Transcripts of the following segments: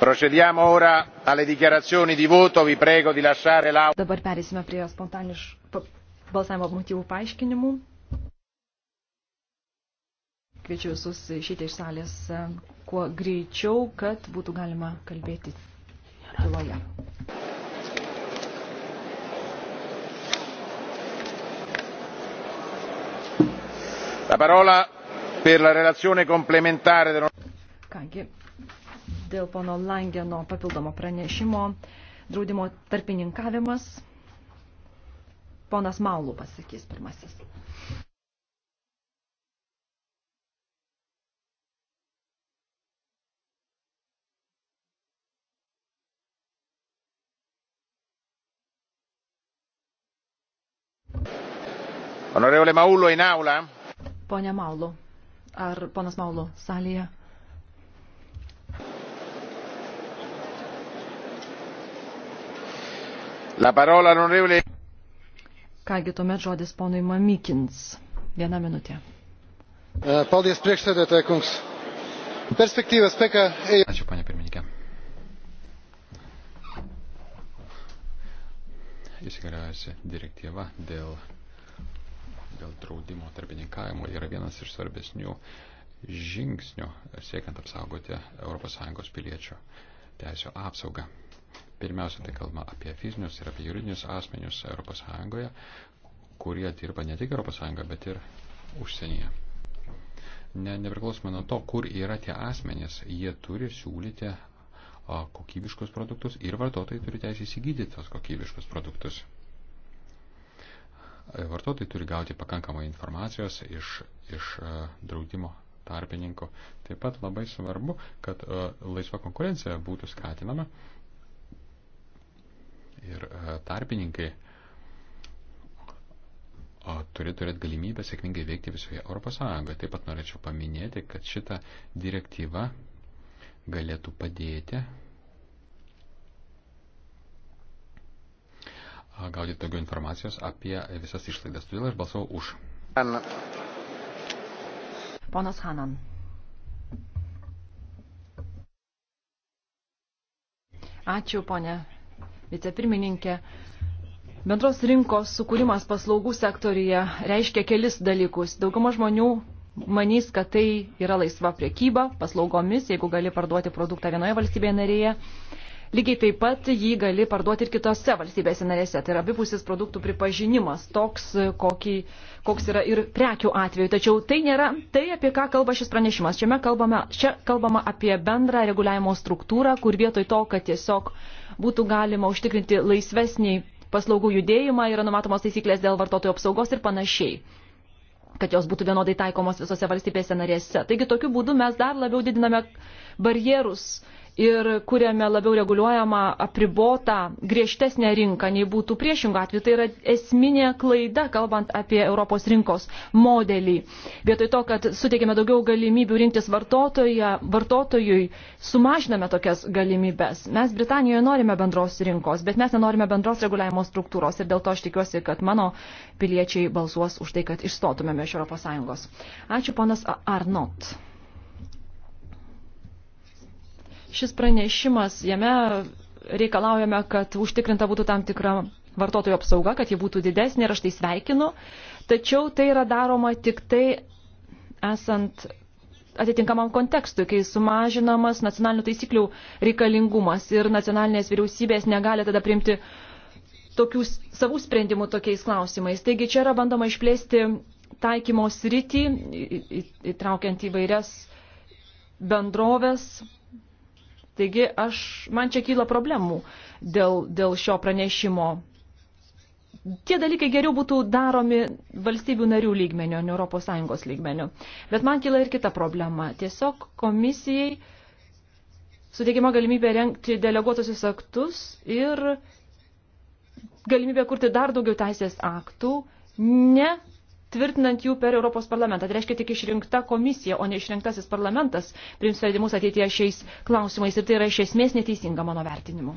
procediamo ora alle dichiarazioni di voto vi prego di lasciare l'aula. dabar pereisime prie spontaniškų balsavimo motyvų paaiškinimų. Kviečiu visus išeiti iš salės e, kuo greičiau, kad būtų galima kalbėti tyloje. La parola per la relazione complementare del... Kągi, dėl pono Langeno papildomo pranešimo draudimo tarpininkavimas. Ponas Maulų pasakys pirmasis. Onorevole Maulo in aula. Pone Maulo, ar ponas Maulo salėje? La parola onorevole. Kągi tuomet žodis ponui Mamikins. Viena minutė. E, paldies priekštadėtoje, kungs. Perspektyvas, peka. Ačiū, panė pirmininkė. Įsigaliojusi direktyva dėl, dėl draudimo tarpininkavimo yra vienas iš svarbesnių žingsnių siekiant apsaugoti ES piliečių teisų apsaugą. Pirmiausia, tai kalba apie fizinius ir apie juridinius asmenius ES, kurie dirba ne tik ES, bet ir užsienyje. Ne, nepriklausomai nuo to, kur yra tie asmenys, jie turi siūlyti kokybiškus produktus ir vartotojai turi teisę įsigyti tos kokybiškus produktus. Vartotojai turi gauti pakankamai informacijos iš, iš draudimo tarpininkų. Taip pat labai svarbu, kad laisva konkurencija būtų skatinama ir e, tarpininkai turi turėti galimybę sėkmingai veikti visoje Europos Sąjungoje. Taip pat norėčiau paminėti, kad šita direktyva galėtų padėti gaudyti daugiau informacijos apie visas išlaidas. Todėl aš balsavau už. Ponas Hanan. Ačiū, ponė vicepirmininkė. Bendros rinkos sukūrimas paslaugų sektorija reiškia kelis dalykus. Dauguma žmonių manys, kad tai yra laisva priekyba paslaugomis, jeigu gali parduoti produktą vienoje valstybėje narėje. Lygiai taip pat jį gali parduoti ir kitose valstybėse narėse. Tai yra abipusis produktų pripažinimas, toks, kokį, koks yra ir prekių atveju. Tačiau tai nėra tai, apie ką kalba šis pranešimas. Šiame kalbame, čia kalbama apie bendrą reguliavimo struktūrą, kur vietoj to, kad tiesiog uh, būtų galima užtikrinti laisvesnį paslaugų judėjimą, yra numatomos taisyklės dėl vartotojų apsaugos ir panašiai kad jos būtų vienodai taikomos visose valstybėse narėse. Taigi tokiu būdu mes dar labiau didiname barjerus ir kuriame labiau reguliuojamą, apribotą, griežtesnę rinką, nei būtų priešingų atveju. Tai yra esminė klaida, kalbant apie Europos rinkos modelį. Vietoj to, kad suteikime daugiau galimybių rinktis vartotojui, sumažiname tokias galimybės. Mes Britanijoje norime bendros rinkos, bet mes nenorime bendros reguliavimo struktūros ir dėl to aš tikiuosi, kad mano piliečiai balsuos už tai, kad išstotumėme iš Europos Sąjungos. Ačiū, ponas Arnott. Šis pranešimas, jame reikalaujame, kad užtikrinta būtų tam tikra vartotojų apsauga, kad ji būtų didesnė ir aš tai sveikinu. Tačiau tai yra daroma tik tai esant atitinkamam kontekstui, kai sumažinamas nacionalinių taisyklių reikalingumas ir nacionalinės vyriausybės negali tada priimti tokių savų sprendimų tokiais klausimais. Taigi čia yra bandoma išplėsti taikymo sritį, įtraukiant įvairias bendrovės Taigi aš, man čia kyla problemų dėl, dėl šio pranešimo. Tie dalykai geriau būtų daromi valstybių narių lygmenio, ne Europos Sąjungos lygmenio. Bet man kyla ir kita problema. Tiesiog komisijai suteikiama galimybė renkti deleguotusius aktus ir galimybė kurti dar daugiau teisės aktų, ne tvirtinant jų per Europos parlamentą. Tai reiškia tik išrinkta komisija, o ne išrinktasis parlamentas priims sprendimus ateityje šiais klausimais. Ir tai yra iš esmės neteisinga mano vertinimu.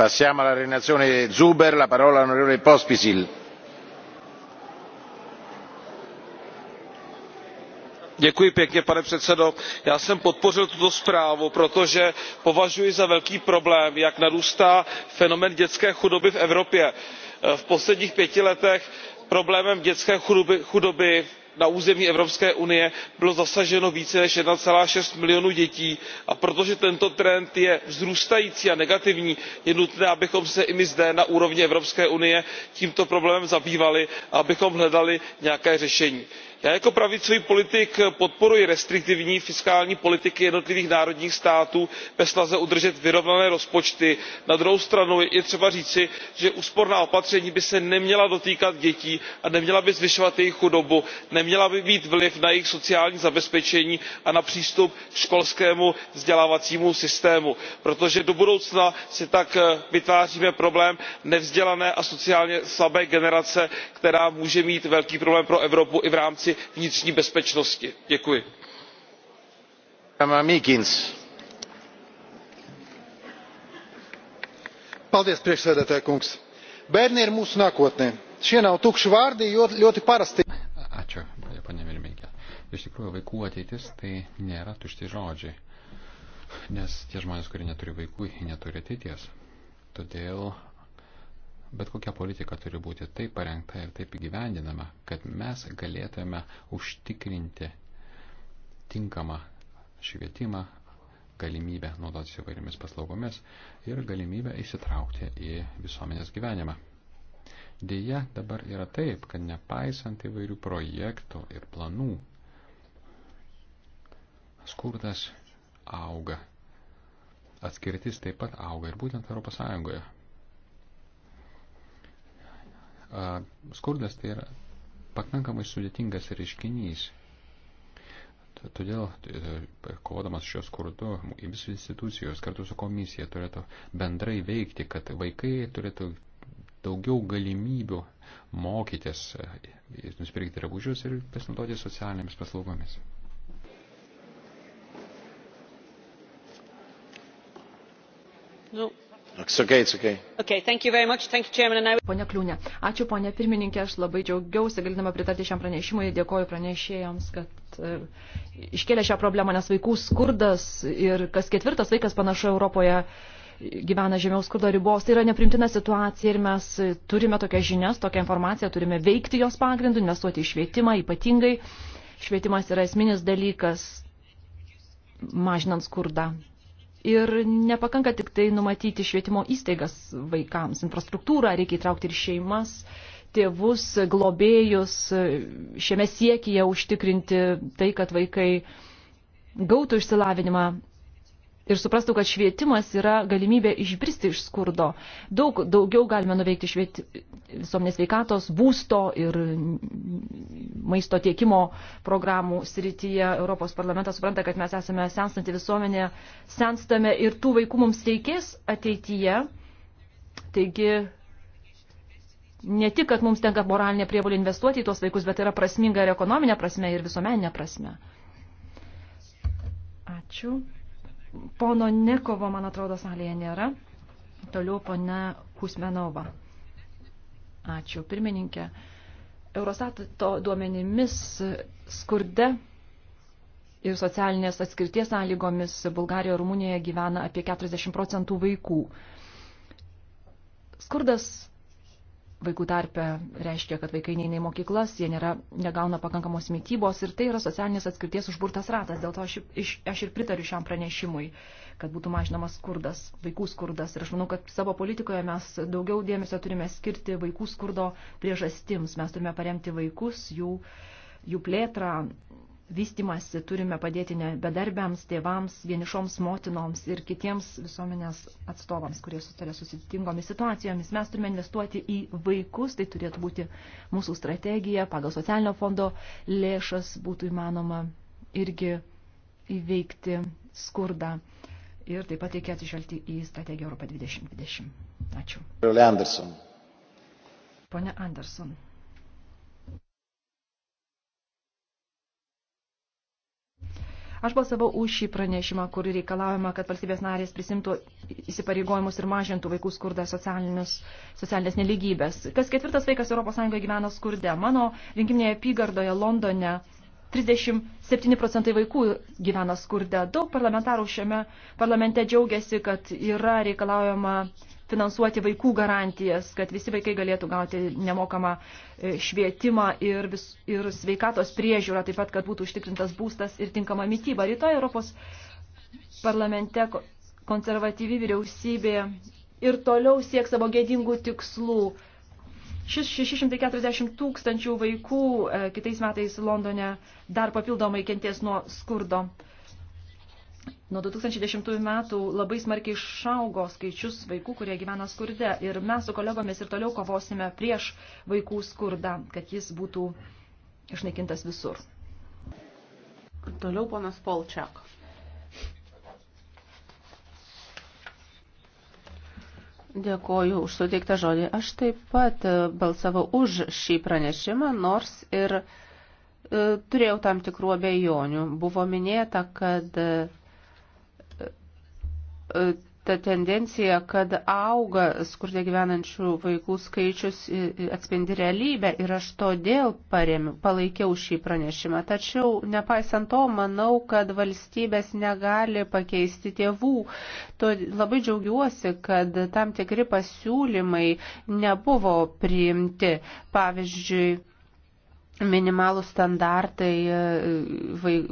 Passiamo alla relazione Zuber, la parola onorevole Pospisil. Pěkně, pane předsedající já jsem podpořil tuto zprávu protože považuji za velký problém jak narůstá fenomén dětské chudoby v evropě. v posledních pěti letech problémem dětské chudoby na území evropské unie bylo zasaženo více než one six milionu dětí a protože tento trend je vzrůstající a negativní je nutné abychom se i my zde na úrovni evropské unie tímto problémem zabývali a abychom hledali nějaké řešení já jako pravicový politik podporuji restriktivní fiskální politiky jednotlivých národních států ve snaze udržet vyrovnané rozpočty na druhou stranu je třeba říci že úsporná opatření by se neměla dotýkat dětí a neměla by zvyšovat jejich chudobu neměla by mít vliv na jejich sociální zabezpečení a na přístup ke školskému vzdělávacímu systému protože do budoucna si tak eh, vytváříme problém nevzdělané a sociálně slabé generace která může mít velký problém pro evropu i v rámci rámci vnitřní bezpečnosti. děkuji. paldies priekšsēdētāja kungs. bērni ir mūsu nākotne. šie nav tukši vārdi ļoti parasti. ačiū pone pirmininke. iš tikrųjų vaikų ateitis tai nėra tušti žodžiai. nes tie žmonės kurie neturi vaikų neturi ateities. todėl bet kokia politika turi būti taip parengta ir taip įgyvendinama, kad mes galėtume užtikrinti tinkamą švietimą, galimybę naudotis įvairiomis paslaugomis ir galimybę įsitraukti į visuomenės gyvenimą. Deja, dabar yra taip, kad nepaisant įvairių projektų ir planų, skurdas auga. Atskirtis taip pat auga ir būtent ES. Skurdas tai yra pakankamai sudėtingas reiškinys. Todėl, e, kovodamas šios skurdu, visos institucijos kartu su komisija turėtų bendrai veikti, kad vaikai turėtų daugiau galimybių mokytis, e, nusipirkti drabužius ir pasinaudoti socialinėmis paslaugomis. No. Nu, Okay, okay. Okay, pone Kliūne, ačiū pone pirmininkė, aš labai džiaugiausi, galėdama pritarti šiam pranešimui, dėkoju pranešėjams, kad e, iškėlė šią problemą, nes vaikų skurdas ir kas ketvirtas vaikas panašu Europoje gyvena žemiau skurdo ribos. Tai yra neprimtina situacija ir mes turime tokias žinias, tokią informaciją, turime veikti jos pagrindu, investuoti į švietimą ypatingai. Švietimas yra esminis dalykas mažinant skurdą Ir nepakanka tik tai numatyti švietimo įstaigas vaikams, infrastruktūrą, reikia įtraukti ir šeimas, tėvus, globėjus, šiame siekyje užtikrinti tai, kad vaikai gautų išsilavinimą ir suprastų, kad švietimas yra galimybė išbristi iš skurdo. Daug daugiau galime nuveikti švieti, visuomenės veikatos, būsto ir maisto tiekimo programų srityje. Europos parlamentas supranta, kad mes esame senstanti visuomenė, senstame ir tų vaikų mums reikės ateityje. Taigi ne tik, kad mums tenka moralinė prievolė investuoti į tuos vaikus, bet yra prasminga ir ekonominė prasme, ir visuomeninė prasme. Ačiū. Pono Nekovo, man atrodo, salėje nėra. Toliau pone Kusmenova. Ačiū, pirmininkė. Eurostato duomenimis skurde ir socialinės atskirties sąlygomis Bulgarijoje ir Rumunijoje gyvena apie 40 procentų vaikų. Skurdas vaikų tarpe reiškia, kad vaikai neina į mokyklas, jie nėra, negauna pakankamos mytybos ir tai yra socialinės atskirties užburtas ratas. Dėl to aš, iš, aš ir pritariu šiam pranešimui, kad būtų mažinamas skurdas, vaikų skurdas. Ir aš manau, kad savo politikoje mes daugiau dėmesio turime skirti vaikų skurdo priežastims. Mes turime paremti vaikus, jų, jų plėtrą, vystimasi turime padėti ne bedarbiams, tėvams, vienišoms motinoms ir kitiems visuomenės atstovams, kurie sutarė su sudėtingomis situacijomis. Mes turime investuoti į vaikus, tai turėtų būti mūsų strategija, pagal socialinio fondo lėšas būtų įmanoma irgi įveikti skurdą. Ir taip pat reikia atsižvelgti į strategiją Europą 2020. Ačiū. Pone Anderson. Pone Anderson. Aš balsavau už šį pranešimą, kur reikalaujama, kad valstybės narės prisimtų įsipareigojimus ir mažintų vaikų skurdą socialinės neligybės. Kas ketvirtas vaikas ES gyvena skurde. Mano rinkiminėje apygardoje Londone 37 procentai vaikų gyvena skurde. Daug parlamentarų šiame parlamente džiaugiasi, kad yra reikalaujama finansuoti vaikų garantijas, kad visi vaikai galėtų gauti nemokamą e, švietimą ir, vis, ir sveikatos priežiūrą, taip pat, kad būtų užtikrintas būstas ir tinkama mytyba. Rytoj Europos parlamente konservatyvi vyriausybė ir toliau sieks savo gėdingų tikslų 640 tūkstančių vaikų e, kitais metais Londone dar papildomai kenties nuo skurdo. Nuo 2010 metų labai smarkiai išaugo skaičius vaikų, kurie gyvena skurde. Ir mes su kolegomis ir toliau kovosime prieš vaikų skurdą, kad jis būtų išnaikintas visur. Toliau ponas Polčiak. Dėkoju už suteiktą žodį. Aš taip pat e, balsavau už šį pranešimą, nors ir e, turėjau tam tikrų abejonių. Buvo minėta, kad e, e ta tendencija, kad auga skurdė gyvenančių vaikų skaičius atspindi realybę ir aš todėl paremiu, palaikiau šį pranešimą. Tačiau, nepaisant to, manau, kad valstybės negali pakeisti tėvų. To labai džiaugiuosi, kad tam tikri pasiūlymai nebuvo priimti. Pavyzdžiui, minimalų standartai e,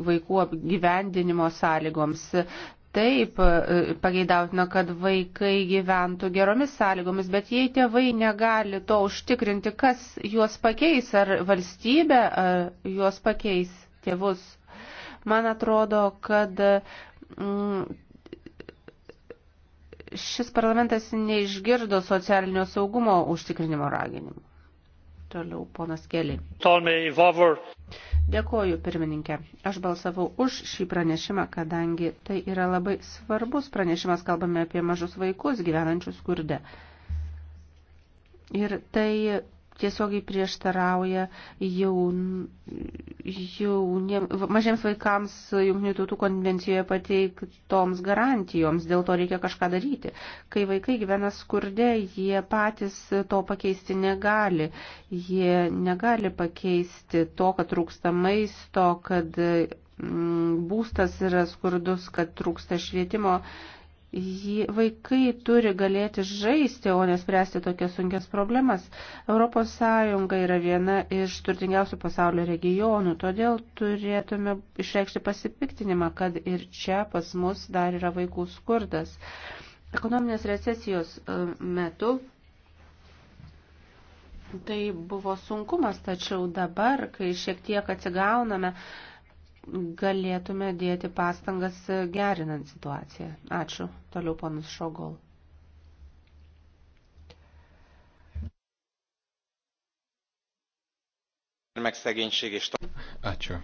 vaikų apgyvendinimo sąlygoms, taip e, pageidautina, kad vaikai gyventų geromis sąlygomis, bet jei tėvai negali to užtikrinti, kas juos pakeis, ar valstybė ar e, juos pakeis tėvus. Man atrodo, kad mm, šis parlamentas neišgirdo socialinio saugumo užtikrinimo raginimų. Toliau ponas Keli. Dėkoju, pirmininkė. Aš balsavau už šį pranešimą, kadangi tai yra labai svarbus pranešimas, kalbame apie mažus vaikus gyvenančius skurde. Ir tai tiesiogiai prieštarauja jaun, jaunie, mažiems vaikams Junktinių tautų konvencijoje pateiktoms garantijoms, dėl to reikia kažką daryti. Kai vaikai gyvena skurde, jie patys to pakeisti negali. Jie negali pakeisti to, kad trūksta maisto, kad mm, būstas yra skurdus, kad trūksta švietimo Vaikai turi galėti žaisti, o nespręsti tokias sunkias problemas. ES yra viena iš turtingiausių pasaulio regionų, todėl turėtume išreikšti pasipiktinimą, kad ir čia pas mus dar yra vaikų skurdas. Ekonominės recesijos e, metu tai buvo sunkumas, tačiau dabar, kai šiek tiek atsigauname, galėtume dėti pastangas gerinant situaciją. Ačiū. Toliau ponas Šogol. Ačiū.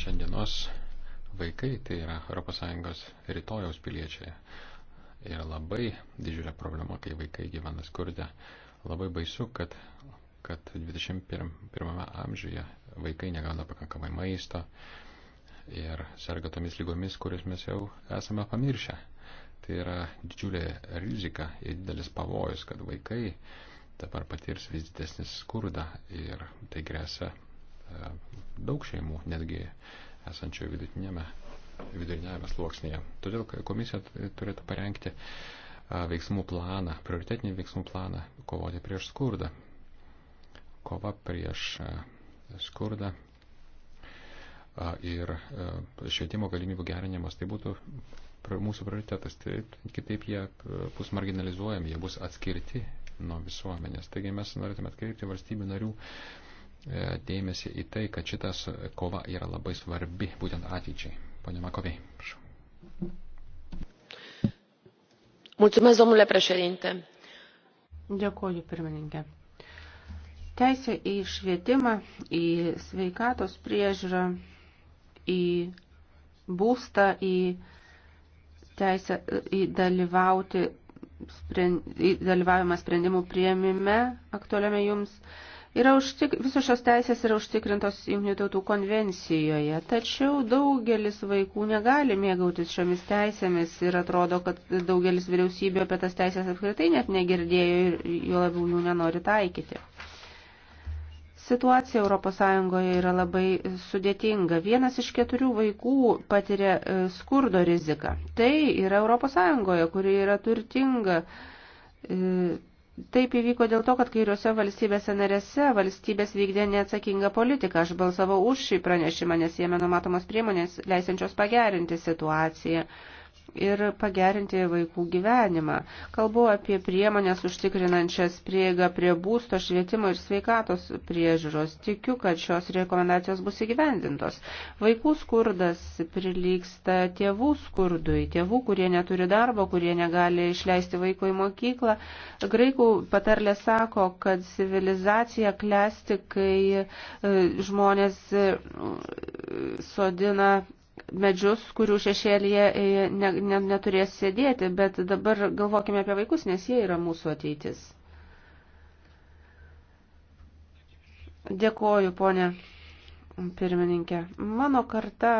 Šiandienos vaikai tai yra ES rytojaus piliečiai. Ir labai didžiulė problema, kai vaikai gyvena skurdė. Labai baisu, kad, kad 21 amžiuje vaikai negauna pakankamai maisto, ir serga tomis lygomis, kurias mes jau esame pamiršę. Tai yra didžiulė rizika ir didelis pavojus, kad vaikai dabar patirs vis didesnį skurdą ir tai grėsia e, daug šeimų, netgi esančių vidutinėme, vidurinėme sluoksnėje. Todėl komisija turėtų parengti e, veiksmų planą, prioritetinį veiksmų planą kovoti prieš skurdą. Kova prieš e, skurdą ir e, švietimo galimybių gerinimas, tai būtų mūsų prioritetas. Taip, kitaip jie e, bus marginalizuojami, jie bus atskirti nuo visuomenės. Taigi mes norėtume atkreipti valstybių narių e, dėmesį į tai, kad šitas kova yra labai svarbi būtent ateičiai. Pone Makovei, prašau. Mulțumesc, domnule președinte. Dėkuoju, pirmininkė. Teisė į švietimą, į sveikatos priežiūrą į būstą, į teisę į dalyvauti, sprend, į dalyvavimą sprendimų prieimime aktualiame jums. Yra užtik, visos šios teisės yra užtikrintos Junktinių tautų konvencijoje, tačiau daugelis vaikų negali mėgautis šiomis teisėmis ir atrodo, kad daugelis vyriausybių apie tas teisės apskritai net negirdėjo ir juo labiau jų nenori taikyti. Situacija ES yra labai sudėtinga. Vienas iš keturių vaikų patiria e, skurdo riziką. Tai yra ES, kuri yra turtinga. E, taip įvyko dėl to, kad kairiuose valstybėse narėse valstybės vykdė neatsakingą politiką. Aš balsavau už šį pranešimą, nes jame numatomos priemonės leisiančios pagerinti situaciją ir pagerinti vaikų gyvenimą. Kalbu apie priemonės užtikrinančias prieigą prie būsto, švietimo ir sveikatos priežiūros. Tikiu, kad šios rekomendacijos bus įgyvendintos. Vaikų skurdas prilyksta tėvų skurdui, tėvų, kurie neturi darbo, kurie negali išleisti vaiko į mokyklą. Graikų patarlė sako, kad civilizacija klesti, kai e, žmonės e, sodina medžius, kurių šešėlėje e, ne, ne, neturės sėdėti, bet dabar galvokime apie vaikus, nes jie yra mūsų ateitis. Dėkoju, ponė pirmininkė. Mano karta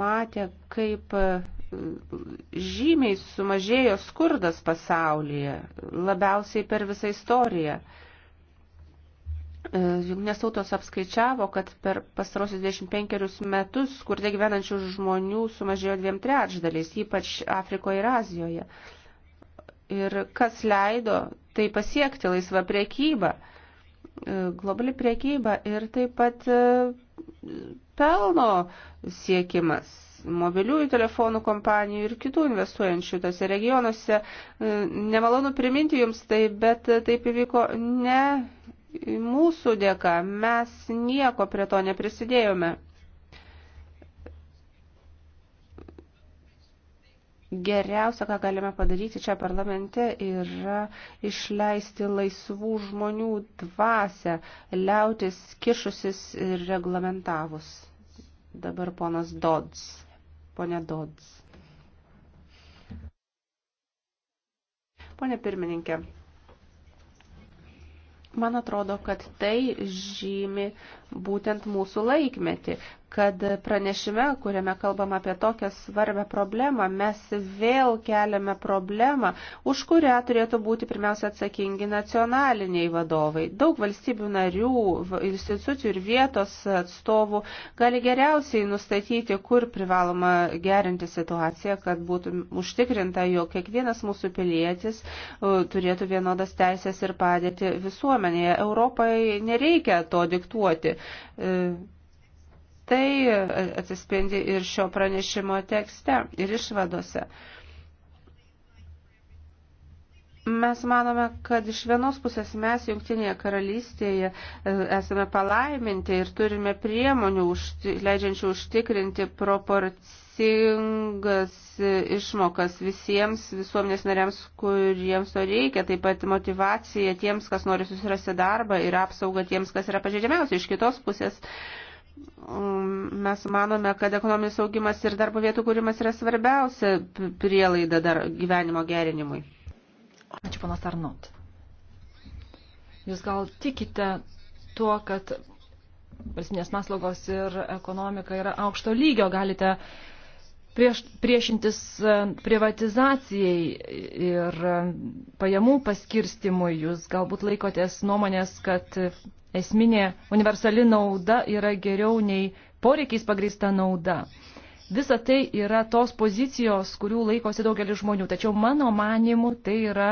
matė, kaip e, žymiai sumažėjo skurdas pasaulyje, labiausiai per visą istoriją. E, jungtinės tautos apskaičiavo, kad per pastarosius 25 metus skurde gyvenančių žmonių sumažėjo dviem trečdaliais, ypač Afrikoje ir Azijoje. Ir kas leido tai pasiekti laisvą priekybą, e, globali priekyba ir taip pat e, pelno siekimas mobiliųjų telefonų kompanijų ir kitų investuojančių tose regionuose. Nemalonu priminti jums tai, bet taip įvyko ne mūsų dėka mes nieko prie to neprisidėjome. Geriausia, ką galime padaryti čia parlamente, yra išleisti laisvų žmonių dvasę, liautis kišusis ir reglamentavus. Dabar ponas Dodds. Pone Dodds. Pone pirmininkė. Man atrodo, kad tai žymi būtent mūsų laikmetį, kad pranešime, kuriame kalbam apie tokią svarbę problemą, mes vėl keliame problemą, už kurią turėtų būti pirmiausia atsakingi nacionaliniai vadovai. Daug valstybių narių, institucijų ir vietos atstovų gali geriausiai nustatyti, kur privaloma gerinti situaciją, kad būtų užtikrinta, jog kiekvienas mūsų pilietis turėtų vienodas teisės ir padėti visuomenėje. Europai nereikia to diktuoti. E, tai atsispindi ir šio pranešimo tekste ir išvadose. Mes manome, kad iš vienos pusės mes Junktinėje karalystėje e, esame palaiminti ir turime priemonių užti, leidžiančių užtikrinti proporciją teisingas išmokas visiems visuomenės nariams, kuriems to reikia, taip pat motivacija tiems, kas nori susirasti darbą ir apsauga tiems, kas yra pažeidžiamiausi. Iš kitos pusės mm, mes manome, kad ekonominis augimas ir darbo vietų kūrimas yra svarbiausia prielaida dar gyvenimo gerinimui. Ačiū, panas Arnot. Jūs gal tikite tuo, kad valstybinės paslaugos ir ekonomika yra aukšto lygio, galite prieš, priešintis e, privatizacijai ir e, pajamų paskirstimui. Jūs galbūt laikotės nuomonės, kad esminė universali nauda yra geriau nei poreikiais pagrįsta nauda. Visa tai yra tos pozicijos, kurių laikosi daugelis žmonių, tačiau mano manimu tai yra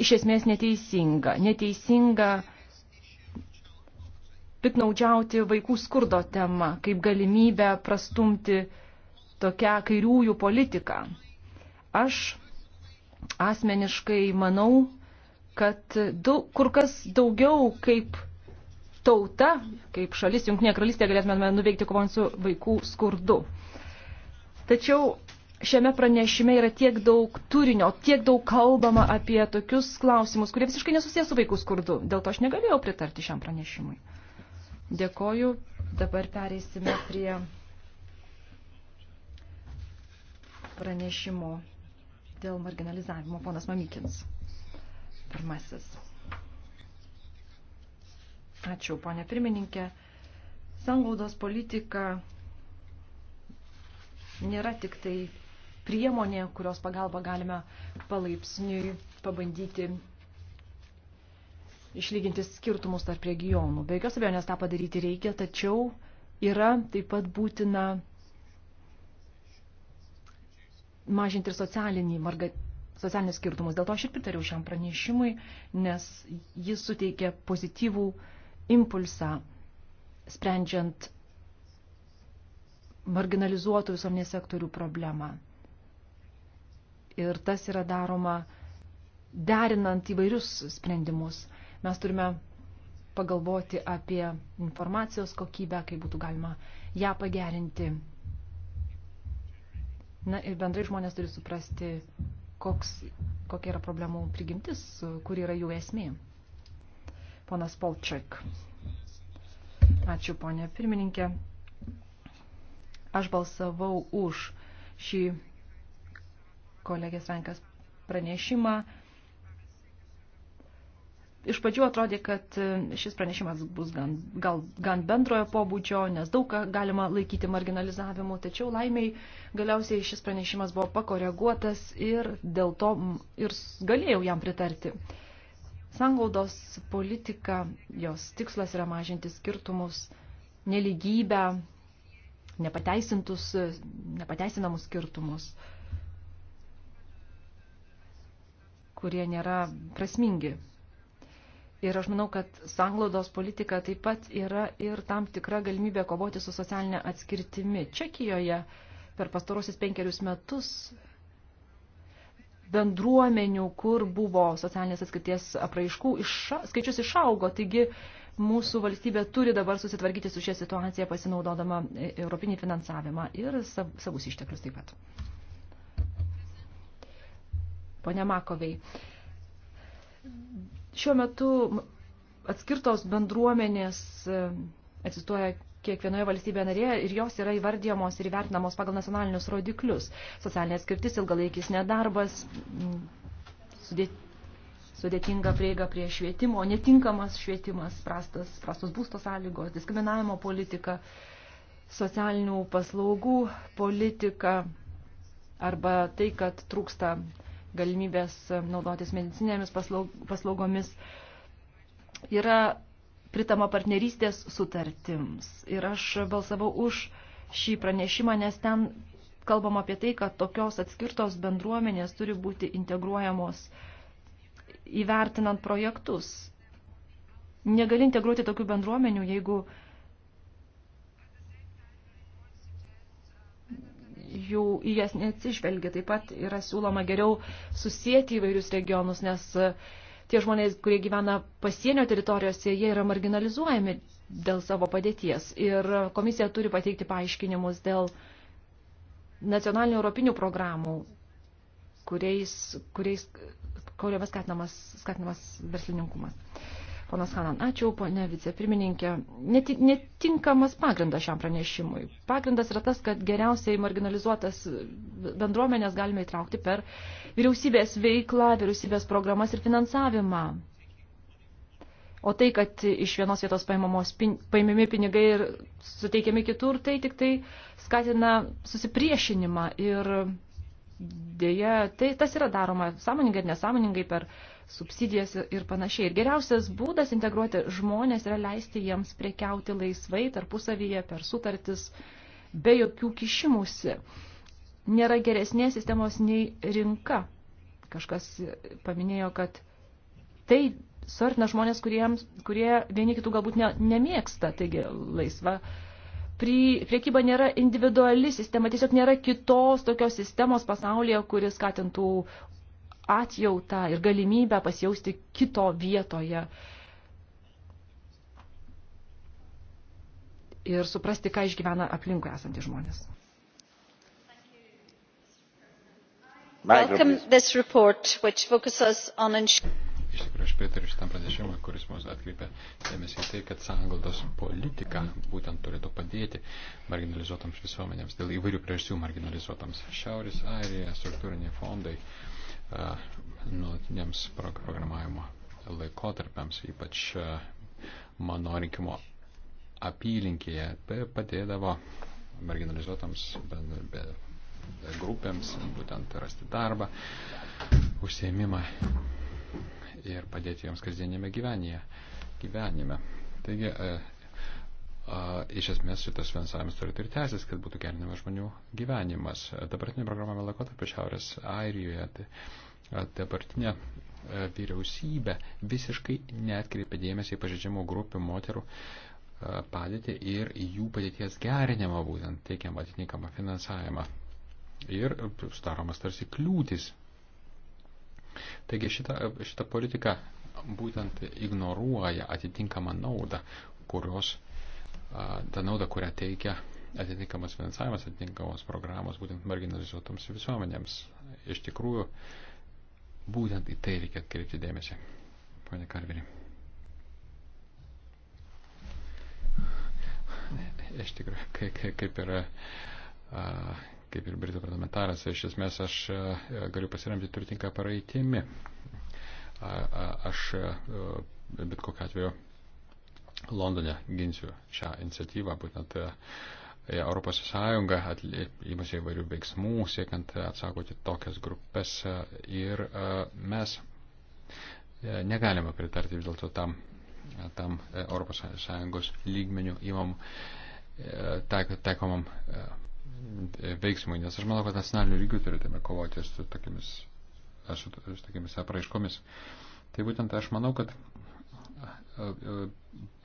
iš esmės neteisinga. Neteisinga piknaudžiauti vaikų skurdo temą kaip galimybę prastumti uh, tokia kairiųjų politika. Aš asmeniškai manau, kad daug, kur kas daugiau kaip tauta, kaip šalis Junktinė karalystė galėtume nuveikti kovant su vaikų skurdu. Tačiau šiame pranešime yra tiek daug turinio, tiek daug kalbama apie tokius klausimus, kurie visiškai nesusijęs su vaikų skurdu. Dėl to aš negalėjau pritarti šiam pranešimui. Dėkoju. Dabar pereisime prie pranešimo dėl marginalizavimo. Ponas Mamykins, pirmasis. Ačiū, ponė pirmininkė. Sanglaudos politika nėra tik tai priemonė, kurios pagalba galime palaipsniui pabandyti išlyginti skirtumus tarp regionų. Be jokios abejonės tą padaryti reikia, tačiau yra taip pat būtina mažinti ir socialinį marga, socialinius skirtumus. Dėl to aš ir pritariau šiam pranešimui, nes jis suteikia pozityvų impulsą sprendžiant marginalizuotų visuomenės sektorių problemą. Ir tas yra daroma derinant įvairius sprendimus. Mes turime pagalvoti apie informacijos kokybę, kaip būtų galima ją pagerinti Na ir bendrai žmonės turi suprasti, koks, kokia yra problemų prigimtis, kur yra jų esmė. Ponas Polčak. Ačiū, ponė pirmininkė. Aš balsavau už šį kolegės Venkas pranešimą Iš pradžių atrodė, kad e, šis pranešimas bus gan, gal, gan bendrojo pobūdžio, nes daug ką galima laikyti marginalizavimu, tačiau laimiai galiausiai šis pranešimas buvo pakoreguotas ir dėl to ir galėjau jam pritarti. Sangaudos politika, jos tikslas yra mažinti skirtumus, neligybę, nepateisintus, nepateisinamus skirtumus, kurie nėra prasmingi Ir aš manau, kad sanglaudos politika taip pat yra ir tam tikra galimybė kovoti su socialinė atskirtimi. Čekijoje per pastarosius penkerius metus bendruomenių, kur buvo socialinės atskirties apraiškų, iša, skaičius išaugo. Taigi mūsų valstybė turi dabar susitvarkyti su šia situacija, pasinaudodama e, europinį finansavimą ir sav, savus išteklius taip pat. Pone Makovei, Šiuo metu atskirtos bendruomenės e, egzistuoja kiekvienoje valstybėje narėje ir jos yra įvardyjamos ir įvertinamos pagal nacionalinius rodiklius. Socialinė skirtis, ilgalaikis nedarbas, sudėtinga prieiga prie švietimo, netinkamas švietimas, prastas, prastos būsto sąlygos, diskriminavimo politika, socialinių paslaugų politika arba tai, kad trūksta galimybės naudotis medicinėmis paslaugomis, yra pritama partnerystės sutartims. Ir aš balsavau už šį pranešimą, nes ten kalbama apie tai, kad tokios atskirtos bendruomenės turi būti integruojamos įvertinant projektus. Negali integruoti tokių bendruomenių, jeigu uh, jų į jas neatsižvelgia. Taip pat yra siūloma geriau susijęti įvairius regionus, nes e, tie žmonės, kurie gyvena pasienio teritorijose, jie yra marginalizuojami dėl savo padėties. Ir komisija turi pateikti paaiškinimus dėl nacionalinių europinių programų, kuriais, kuriais, kuriomis skatinamas, skatinamas verslininkumas. Ponas Hanan, ačiū, ponė vicepirmininkė. Neti, netinkamas pagrindas šiam pranešimui. Pagrindas yra tas, kad geriausiai marginalizuotas bendruomenės galime įtraukti per vyriausybės veiklą, vyriausybės programas ir finansavimą. O tai, kad iš vienos vietos paimamos, paimami pinigai ir suteikiami kitur, tai tik tai skatina susipriešinimą ir Deja, tai tas yra daroma sąmoningai ir nesąmoningai per subsidijas ir panašiai. Ir geriausias būdas integruoti žmonės yra leisti jiems prekiauti laisvai tarpusavyje per sutartis be jokių kišimusi. Nėra geresnės sistemos nei rinka. Kažkas paminėjo, kad tai suartina žmonės, kurie, kurie vieni kitų galbūt ne, nemėgsta, taigi laisva uh, priekyba nėra individuali sistema, tiesiog nėra kitos tokios sistemos pasaulyje, kuris skatintų atjautą ir galimybę pasijausti kito vietoje. Ir suprasti, ką išgyvena aplinkui esantys žmonės. Welcome this report, which focuses on ensuring Iš tikrųjų, aš pritariu šitam pranešimui, kuris mus atkreipia dėmesį į tai, kad sąngaldos politika būtent turėtų padėti marginalizuotams visuomenėms dėl įvairių priežasčių marginalizuotams. Šiaurės Airija, struktūriniai fondai nuolatiniams programavimo laikotarpiams, ypač mano rinkimo apylinkėje, padėdavo marginalizuotams grupėms būtent rasti darbą, užsiemimą ir padėti joms kasdienėme gyvenime. gyvenime. Taigi, e, iš esmės šitas finansavimas turi ir tęsis, kad būtų gerinamas žmonių gyvenimas. Dabartinė programavimo laikotarpio Šiaurės Airijoje, tai dabartinė e, vyriausybė visiškai netkreipė dėmesį į pažeidžiamų grupių moterų padėtį ir jų padėties gerinimą būtent teikiam atitinkamą finansavimą. Ir sudaromas tarsi kliūtis Taigi šita, šita politika būtent ignoruoja atitinkamą naudą, kurios, ta nauda, kurią teikia atitinkamas finansavimas, atitinkamos programos būtent marginalizuotoms visuomenėms. Iš tikrųjų, būtent į tai reikia atkreipti dėmesį. Pone Karveri. Iš tikrųjų, kaip, kaip yra. Uh, kaip ir Britų parlamentaras, iš esmės aš e, galiu pasiremti turtinką praeitimi. Aš e, bet kokiu atveju Londone ginsiu šią iniciatyvą, būtent e, Europos Sąjunga įmasi įvairių veiksmų, siekiant atsakoti tokias grupės ir mes negalime pritarti vis dėlto tam, tam Europos Sąjungos lygmenių įmam taikomam veiksmui, nes aš manau, kad nacionaliniu lygiu turėtume kovoti su tokiamis, su, su tokiamis apraiškomis. Tai būtent aš manau, kad e, e,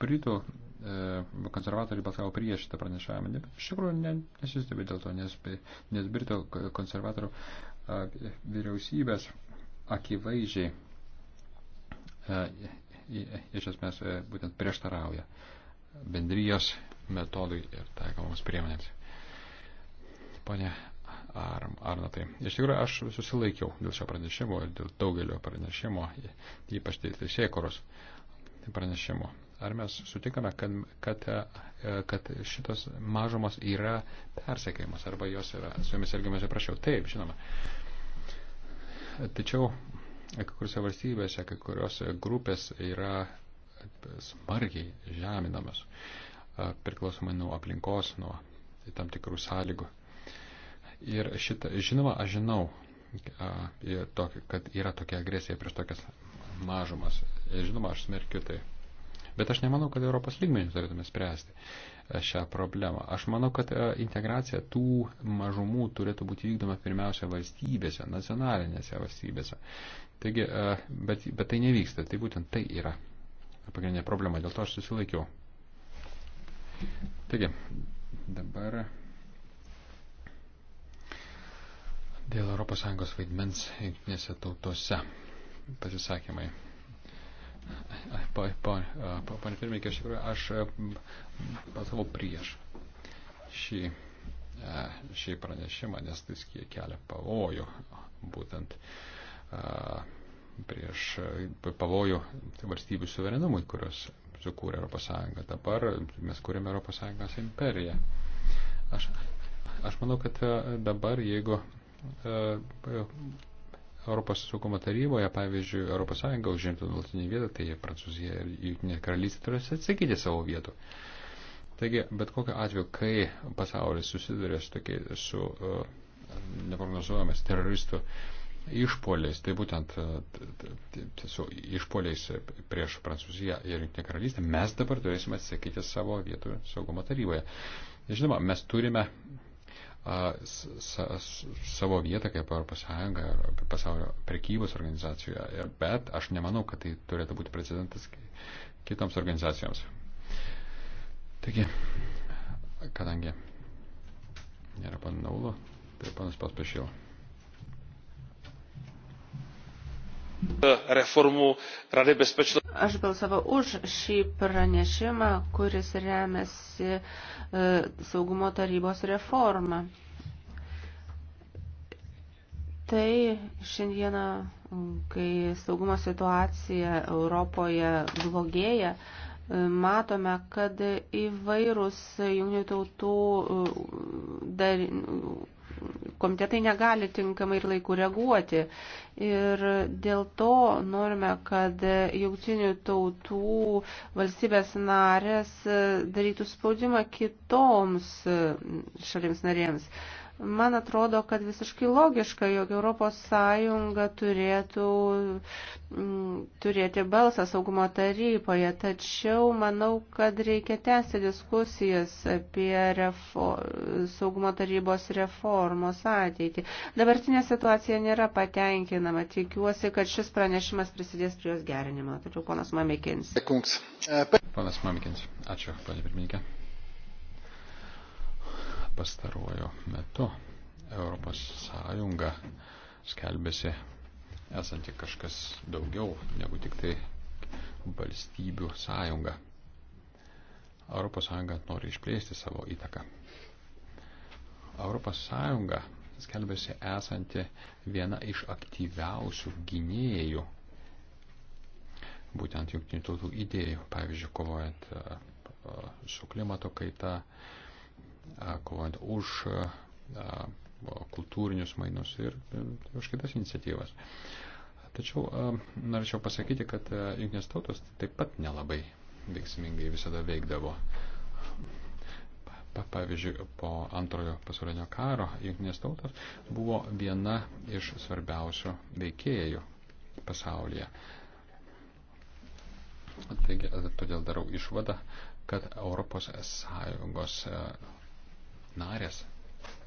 Britų e, konservatoriai balsavo prieš šitą pranešavimą. Iš tikrųjų, ne, nesistebė dėl to, nes, nes Britų konservatorių vyriausybės akivaizdžiai iš esmės būtent prieštarauja bendrijos metodui ir taikomoms priemonėms ponė ar, Arnatai. Iš tikrųjų, aš susilaikiau dėl šio pranešimo ir dėl daugelio pranešimo, ypač dėl teisėkoros pranešimo. Ar mes sutikame, kad, kad, kad šitos mažumos yra persekėjimas arba jos yra, su jomis elgiamasi prašiau? Taip, žinoma. Tačiau kai kuriuose valstybėse, kai kurios grupės yra smarkiai žeminamas priklausomai nuo aplinkos, nuo tam tikrų sąlygų. Ir šitą, žinoma, aš žinau, kad yra tokia agresija prieš tokias mažumas. Žinoma, aš smerkiu tai. Bet aš nemanau, kad Europos lygmenių turėtume spręsti šią problemą. Aš manau, kad integracija tų mažumų turėtų būti vykdoma pirmiausia valstybėse, nacionalinėse valstybėse. Taigi, bet, bet tai nevyksta. Tai būtent tai yra pagrindinė problema. Dėl to aš susilaikiau. Taigi, dabar Dėl ES vaidmens jungtinėse tautose pasisakymai. Pane po, po, po, pirmininkė, iš tikrųjų, aš balsavau prieš šį, šį pranešimą, nes tai kelia pavojų būtent prieš pavojų valstybių suverenumui, kurios sukūrė Europos Sąjungą. Dabar mes kūrėme Europos Sąjungos imperiją. Aš, aš manau, kad dabar, jeigu Europos saugumo taryboje, pavyzdžiui, Europos Sąjunga užimtų nuolatinį vietą, tai Prancūzija ir Junktinė karalystė turės atsakyti savo vietų. Taigi, bet kokiu atveju, kai pasaulis susiduria su, tokiai, su uh, neprognozuojamas teroristų išpoliais, tai būtent e, su išpoliais prieš Prancūziją ir Junktinę karalystę, mes dabar turėsime atsakyti savo vietų saugumo taryboje. Žinoma, mes turime savo vietą kaip Europos Sąjunga ar pasaulio prekybos organizacijoje, bet aš nemanau, kad tai turėtų būti precedentas kitoms organizacijoms. Taigi, kadangi nėra panaulo, tai panas paspešėjau. reformų Rady bezpečnosti. Aš balsavau už šį pranešimą, kuris remiasi e, saugumo tarybos reformą. Tai šiandieną, kai saugumo situacija Europoje blogėja, e, matome, kad įvairūs jungtinių tautų e, dar, komitetai negali tinkamai ir laiku reaguoti. Ir dėl to norime, kad jauktinių tautų valstybės narės darytų spaudimą kitoms šalims narėms. Man atrodo, kad visiškai logiška, jog Europos Sąjunga turėtų m, mm, turėti balsą saugumo taryboje, tačiau manau, kad reikia tęsti diskusijas apie refo, saugumo tarybos reformos ateitį. Dabartinė situacija nėra patenkinama. Tikiuosi, kad šis pranešimas prisidės prie jos gerinimo. Tačiau ponas Mamikins. Ponas Mamikins. Ačiū, ponė pirmininkė pastaruoju metu Europos Sąjunga skelbėsi esanti kažkas daugiau negu tik tai valstybių sąjunga. Europos Sąjunga nori išplėsti savo įtaką. Europos Sąjunga skelbėsi esanti viena iš aktyviausių gynėjų būtent jungtinių tautų idėjų, pavyzdžiui, kovojant e, su klimato kaita, uh, kovojant už kultūrinius mainus ir e, už kitas iniciatyvas. Tačiau norėčiau pasakyti, kad jungtinės tautos taip pat nelabai veiksmingai visada veikdavo. Pavyzdžiui, po antrojo pasaulinio karo jungtinės tautos buvo viena iš svarbiausių veikėjų pasaulyje. Taigi, todėl darau išvadą, kad Europos Sąjungos narės,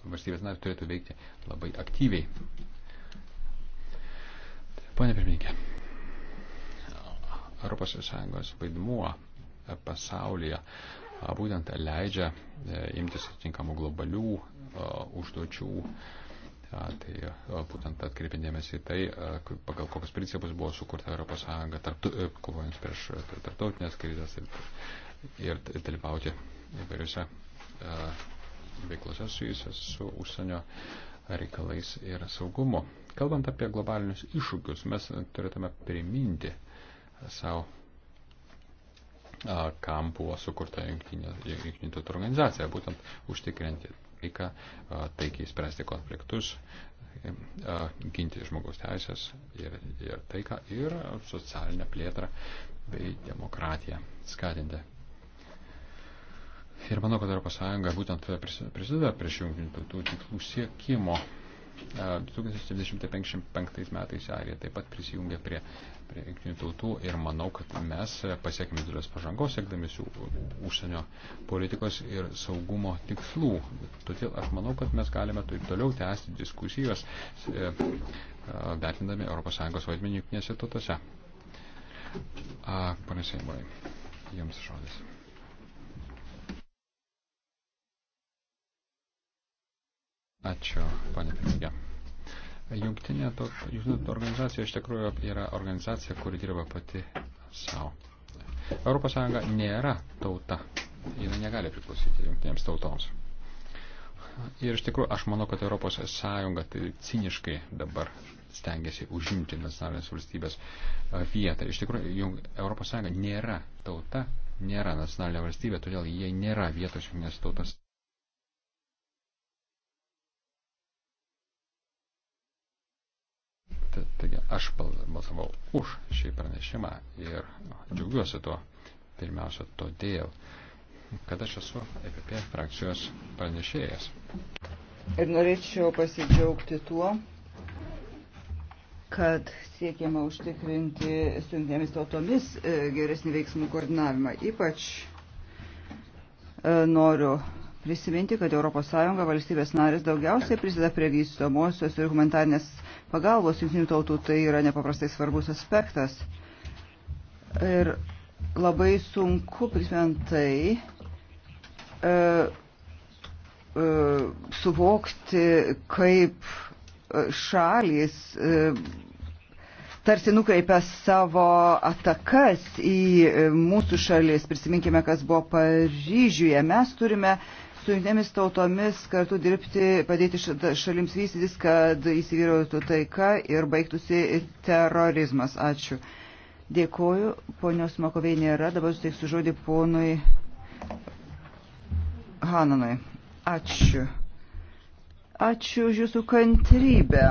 valstybės narės turėtų veikti labai aktyviai. Pone pirmininkė, ES vaidmuo pasaulyje būtent leidžia e, imtis atitinkamų globalių e, užduočių. Tai e, būtent atkreipinėmės į tai, pagal kokius principus buvo sukurta ES, tarptu, kovojant prieš tarptautinės krizės ir, ir dalyvauti įvairiuose veiklose susijusios su užsienio reikalais ir saugumu. Kalbant apie globalinius iššūkius, mes turėtume priminti savo, kam buvo sukurta jungtinių tautų organizacija, būtent užtikrinti taiką, taikiai spręsti konfliktus, ginti žmogaus teisės ir, ir taiką ir socialinę plėtrą bei demokratiją skatinti. Ir manau, kad ES būtent prisideda prie šių tų tikslų siekimo. 1755 e, metais Airija taip pat prisijungė prie, prie jungtinių tautų ir manau, kad mes pasiekime didelės pažangos, siekdami jų užsienio politikos ir saugumo tikslų. Todėl aš manau, kad mes galime toliau tęsti diskusijos, e, e, vertindami ES vaidmenį jungtinėse tautose. Pane Seimai, jums žodis. Ačiū, panė Pirmininkė. Jungtinė organizacija iš tikrųjų yra organizacija, kuri dirba pati savo. Europos Sąjunga nėra tauta. Jis negali priklausyti jungtinėms tautoms. Ir iš tikrųjų aš manau, kad Europos Sąjunga tai ciniškai dabar stengiasi užimti nacionalinės valstybės e, vietą. Iš tikrųjų, Europos Sąjunga nėra tauta, nėra nacionalinė valstybė, todėl jie nėra vietos jungtinės tautas. Taigi aš balsavau už šį pranešimą ir džiaugiuosi tuo. Pirmiausia, todėl, kad aš esu EPP frakcijos pranešėjas. Ir norėčiau pasidžiaugti tuo, kad siekiama užtikrinti su jungtinėmis tautomis e, geresnį veiksmų koordinavimą. Ypač e, noriu prisiminti, kad ES valstybės narės daugiausiai prisideda prie vystomosios ir humanitarnės pagalbos jungtinių tautų, tai yra nepaprastai svarbus aspektas. Ir labai sunku prisimint tai, e, e, suvokti, kaip e, šalis e, tarsi nukreipia savo atakas į e, mūsų šalis. Prisiminkime, kas buvo Paryžiuje. Mes turime e, su jungtinėmis tautomis kartu dirbti, padėti šalims vystytis, kad įsivyrautų taika ir baigtųsi terorizmas. Ačiū. Dėkoju. Ponios Makovei nėra. Dabar suteiksiu žodį ponui Hananui. Ačiū. Ačiū už jūsų kantrybę.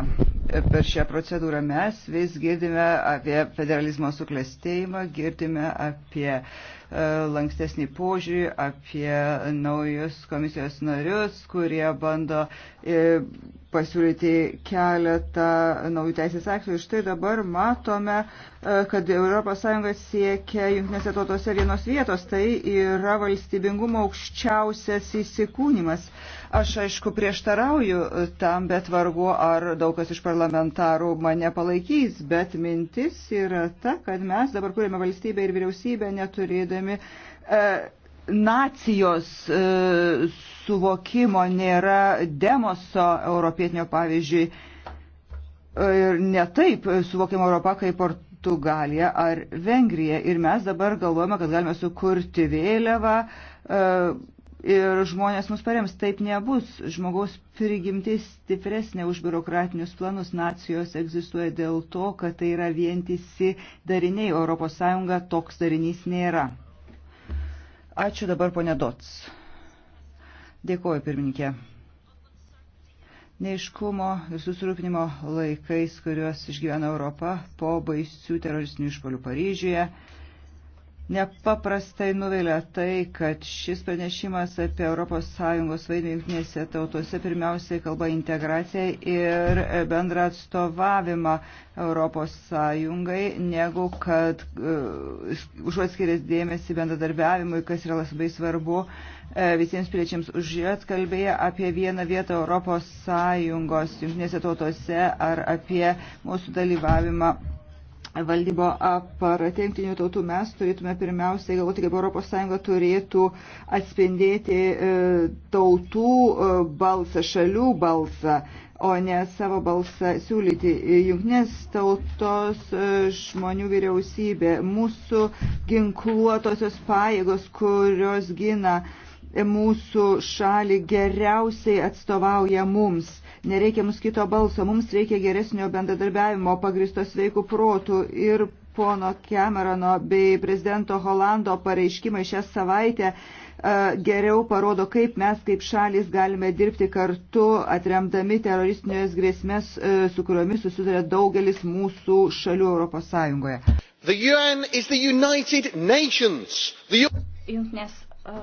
Per šią procedūrą mes vis girdime apie federalizmo suklestėjimą, girdime apie uh, E, lankstesnį požiūrį, apie naujus komisijos narius, kurie bando e, pasiūlyti keletą naujų teisės aktų. Ir štai dabar matome, e, kad ES siekia jungtinėse tautose vienos vietos. Tai yra valstybingumo aukščiausias įsikūnimas. Aš aišku prieštarauju tam, bet vargu ar daug kas iš parlamentarų mane palaikys, bet mintis yra ta, kad mes dabar kūrėme valstybę ir vyriausybę neturėdami stebimi. E, nacijos e, suvokimo nėra demoso europietinio pavyzdžiui e, ir netaip suvokiama Europa kaip Portugalija ar Vengrija. Ir mes dabar galvojame, kad galime sukurti vėliavą ir žmonės mus parems. Taip nebus. Žmogaus prigimtis stipresnė už biurokratinius planus. Nacijos egzistuoja dėl to, kad tai yra vientisi dariniai. ES toks darinys nėra. Ačiū dabar ponė Dots. Dėkuoju, pirmininkė. Neiškumo ir susirūpinimo laikais, kuriuos išgyvena Europa po baisių teroristinių išpolių Paryžiuje. Nepaprastai nuvilia tai, kad šis pranešimas apie ES vaidmenį jungtinėse tautose pirmiausiai kalba integraciją ir bendrą atstovavimą ES, negu kad uh, e, užuot skirias dėmesį bendradarbiavimui, kas yra labai svarbu uh, visiems piliečiams už jas kalbėję apie vieną vietą ES jungtinėse tautose ar apie mūsų dalyvavimą valdymo aparate jungtinių tautų mes turėtume pirmiausiai galvoti, kaip ES turėtų atspindėti e, tautų e, balsą, šalių balsą, o ne savo balsą siūlyti. Jungtinės tautos e, žmonių vyriausybė, mūsų ginkluotosios pajėgos, kurios gina mūsų šalį geriausiai atstovauja mums Nereikia mums kito balso, mums reikia geresnio bendradarbiavimo pagristo sveikų protų ir pono Camerono bei prezidento Holando pareiškimai šią savaitę e, geriau parodo, kaip mes kaip šalis galime dirbti kartu, atremdami teroristinės grėsmės, e, su kuriomis susiduria daugelis mūsų šalių Europos Sąjungoje. Jungtinės e,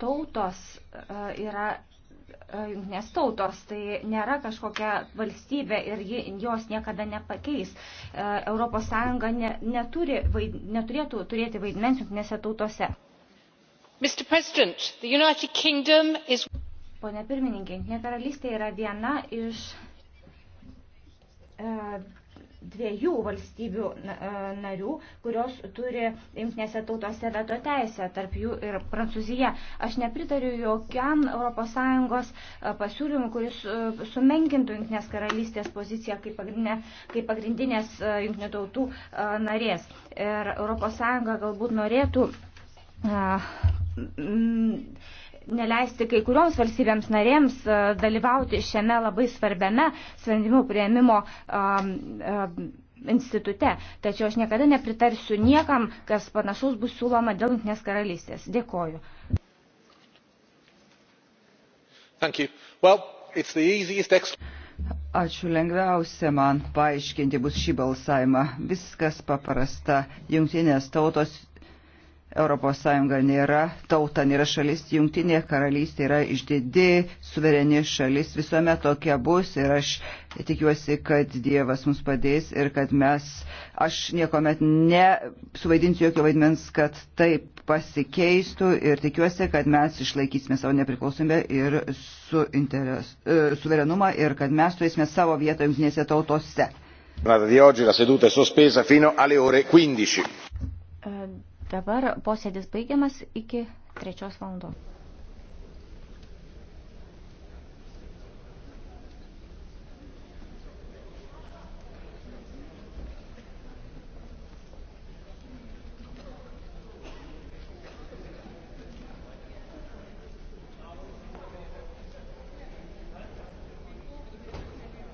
tautos yra jungtinės tautos, tai nėra kažkokia valstybė ir ji, jos niekada nepakeis. ES ne, neturi, vaid, neturėtų turėti vaidmens jungtinėse tautose. Is... Pone pirmininkė, jungtinė karalystė yra viena iš. E, dviejų valstybių e, narių, kurios turi jungtinėse tautose veto teisę, tarp jų ir Prancūzija. Aš nepritariu jokiam ES e, pasiūlymui, kuris e, sumenkintų jungtinės karalystės poziciją kaip, pagrindinė, kaip pagrindinės jungtinių tautų narės. Ir ES galbūt norėtų. Uh, mm, neleisti kai kurioms valstybėms narėms e, dalyvauti šiame labai svarbiame sprendimų prieimimo um, um, institute. Tačiau aš niekada nepritarsiu niekam, kas panašaus bus siūloma dėl Junktinės karalystės. Dėkoju. Well, easiest... Ačiū lengviausia man paaiškinti bus šį balsavimą. Viskas paprasta. Jungtinės tautos ES nėra tauta, nėra šalis, jungtinė karalystė yra išdidi, suvereni šalis, visuomet tokia bus ir aš tikiuosi, kad Dievas mums padės ir kad mes, aš niekuomet nesuvaidinsiu jokio vaidmens, kad taip pasikeistų ir tikiuosi, kad mes išlaikysime savo nepriklausomybę ir su interes, e, suverenumą ir kad mes turėsime savo vietą jungtinėse tautose. La seduta è sospesa fino alle ore 15. Dabar posėdis baigiamas iki trečios valandos.